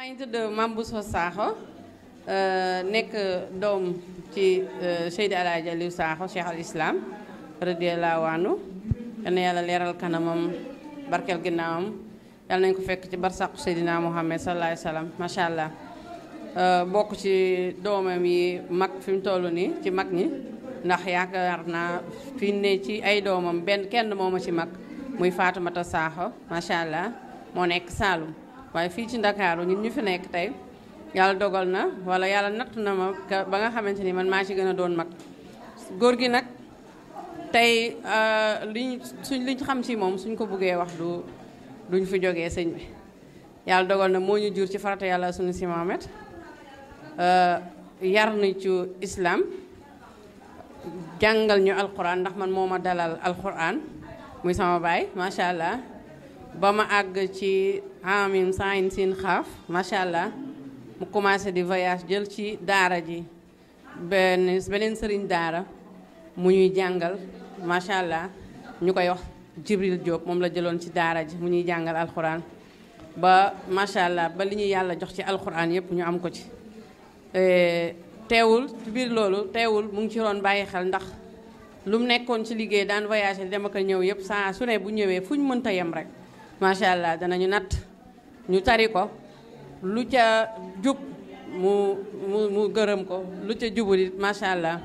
maa ngi tudd Mame Bousso Sakho euh, nekk doom ci euh, Seydi Alaaji Aliou Sakho Cheikh al Islam radiyallahu anhu yal yàlla leeral kanamam barkeel ginnaawam yal nañ ko fekk ci barsàqu Seydina Muhammad sallallahu alayhi wa macha allah euh, bokk ci doomam yi mag fi mu toll nii ci mag ñi ndax yaakaar naa fi ne ci ay doomam benn kenn mooma ci mag muy Faatumata Sakho macha allah moo nekk Saalum waaye fii ci ndakaaru ñun ñu fi nekk tey yàlla dogal na wala yàlla natt na ma ba nga xamante ni man maa ci gën a doon mag góor gi nag tey euh, li suñ liñ xam ci moom suñ ko buggee wax du duñ fi jógee sëñ bi yàlla dogal na moo ñu jur ci farata yàlla suñu si Mohamed euh, yar na ci islam jàngal ñu alxuraan ndax man moo ma dalal alquran muy sama baay macha allah. ba ma àgg ci amim saayin siin xaaf macha allah mu commencé di voyage jël ci daara ji benn beneen sëriñ daara mu ñuy jàngal macha allah ñu koy wax Jibril Diop moom la jëloon ci daara ji mu ñuy jàngal alxuraan ba macha allah ba li ñu yàlla jox ci alxuraan yëpp ñu am ko ci. Eh, teewul ci biir loolu teewul mu ngi ci doon bàyyi xel ndax lu mu nekkoon ci liggéey daan voyagé dem ak a ñëw yëpp saa su ne bu ñëwee fu ñu mënta yem rek. macha allah danañu natt ñu tari ko lu ca jub mu mu gërëm ko lu ca jubul it macha allah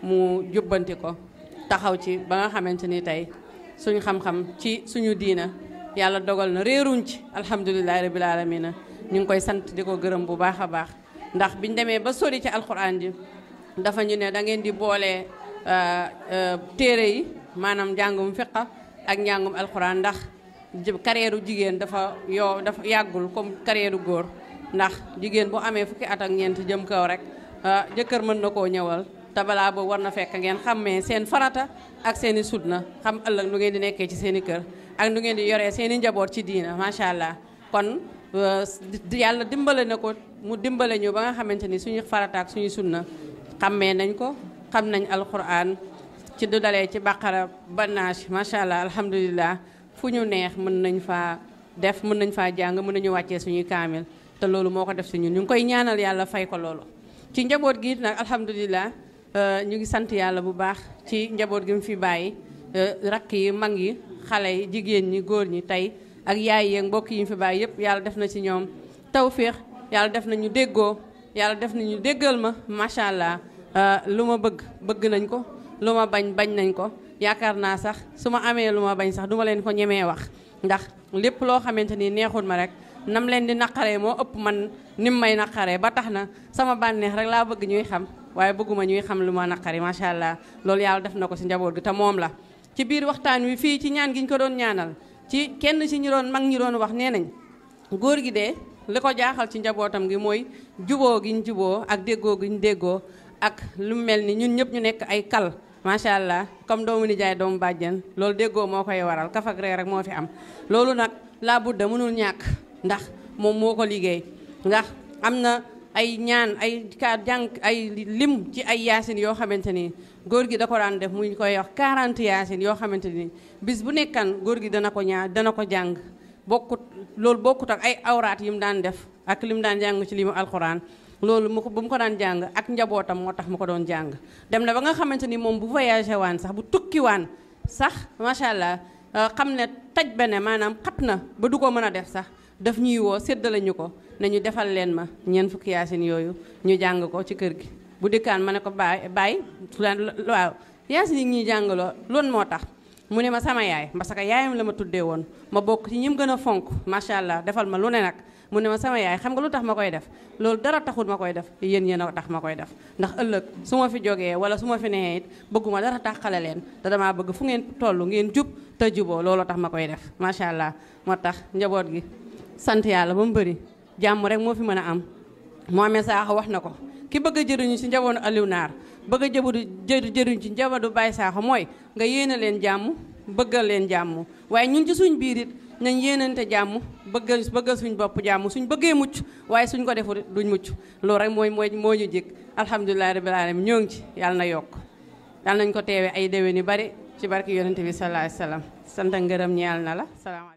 mu jubbanti ko taxaw ci ba nga xamante ni tey suñu xam-xam ci suñu diina yàlla dogal na réeruñ ci alhamdulilahi rabil alamina ñu ngi koy sant di ko gërëm bu baax a baax ndax biñ demee ba sori ci alquran ji dafa ñu ne da ngeen di boole euh, euh, téere yi maanaam njàngum fiqa ak njàngum alxuraan ndax carrière jigéen dafa yow dafa yàggul comme carrière góor ndax jigéen bu amee fukki at ak ñeent jëm kaw rek ah, jëkkër mën na koo ñëwal te balaa boobu war na fekk ngeen xammee seen farata ak seen i na xam ëllëg nu ngeen di nekkee ci seen i kër ak nu ngeen di yoree seeni njaboot ci diina macha allah kon euh, yàlla dimbale na ko mu dimbale ñu ba nga xamante ni suñu farata ak suñu sunna xammee nañ ko xam nañ alquran ci du dalee ci baqara ba naaj macha allah alhamdulilah fu ñu neex mën nañu faa def mën nañu faa jàng mën nañu wàccee suñuy kaamil te loolu moo ko def si ñun ñu ngi koy ñaanal yàlla fay ko loolu ci njaboot gi nag alhamdulilah euh, ñu ngi sant yàlla bu baax ci njaboot gi mu fi bàyyi euh, rakk yi mag yi xale yi jigéen ñi góor ñi tey ak yaay yeeg mbokk yi mu fi bàyyi yëpp yàlla def na ci ñoom tawféex yàlla def nañu déggoo yàlla def nañu déggal ma macha allah euh, lu ma bëgg bëgg nañ ko lu ma bañ bañ nañ ko yaakaar naa sax su ma amee lu ma bañ sax du ma leen ko ñemee wax ndax lépp loo xamante ni neexul ma rek nam leen di naqaree moo ëpp man nim may naqaree ba tax na sama bànneex rek laa bëgg ñuy xam waaye bëgguma ñuy xam lu ma naqari macha allah loolu yàlla def na ko ci njaboot gi te moom la. ci biir waxtaan wi fii ci ñaan gi ñu ko doon ñaanal ci kenn ci ñu doon mag ñi doon wax nee nañ góor gi de li ko jaaxal ci njabootam gi mooy juboo gi ñu juboo ak déggoo gi ak lu mel ni ñun ñëpp ñu nekk ay kal. macha allah comme doomu nijaay doomu bàjjan loolu déggoo moo koy waral kaf rek moo fi am loolu nag laa budda mënul ñàkk ndax moom moo ko liggéey ndax am na ay ñaan ay ka jàng ay lim ci ay yaasin yoo xamante ni góor gi da daan def mu koy wax 40 yaasin yoo xamante ni bis bu nekkan góor gi dana ko ñaan dana ko jàng bokkut loolu bokkut ak ay awraat yi mu daan def ak li mu daan jàng ci limu alxuraan loolu mu ko bu mu ko daan jàng ak njabootam moo tax mu ko doon jàng dem na ba nga xamante ni moom bu voyagé waan sax bu tukki waan sax macha allah euh, xam ne taj bene maanaam xat na ba du ko mën a def sax daf ñuy woo séddale ñu ko ne ñu defal leen ma ñeen fukki yaasin yooyu ñu jàng ko ci kër gi. bu dikkaan ma ne ko baay baay waaw yaasin yi ñuy jàngaloo loolu moo tax mu ne ma sama yaay parce que yaayam la ma tuddee woon ma bokk ci ñi mu gën a fonk macha allah defal ma lu ne nag. mu ne ma sama yaay xam nga lu tax ma koy def loolu dara taxul ma koy def yéen yéen a tax ma koy def ndax ëllëg su ma fi jógee wala su ma fi neexee it bëgguma dara tàqale leen te damaa bëgg fu ngeen tollu ngeen jub te juboo looloo tax ma koy def macha allah moo tax njaboot gi sant yàlla ba mu bëri jàmm rek moo fi mën a am moo Mohamed Sakho wax na ko ki bëgg jëriñu ci njabootu Aliou Naar bëgg a jëbadu jëriñ ci njabootu Baye Sakho mooy nga yéene leen jàmm bëggal leen jàmm nañ yéenante jàmm bëggal bëgg suñu boppu jàmm suñu bëggee mucc waaye suñ ko deful duñ mucc loolu rek mooy mooy moo ñu jég alhamdulilah rabbil alamin ñoo ngi ci yàlla na yokk yàlla nañ ko teewee ay déwén yu bari ci barke yonente bi sallallahu alayhi wasallam sant ngërëm ñeel na la salaamaaleykum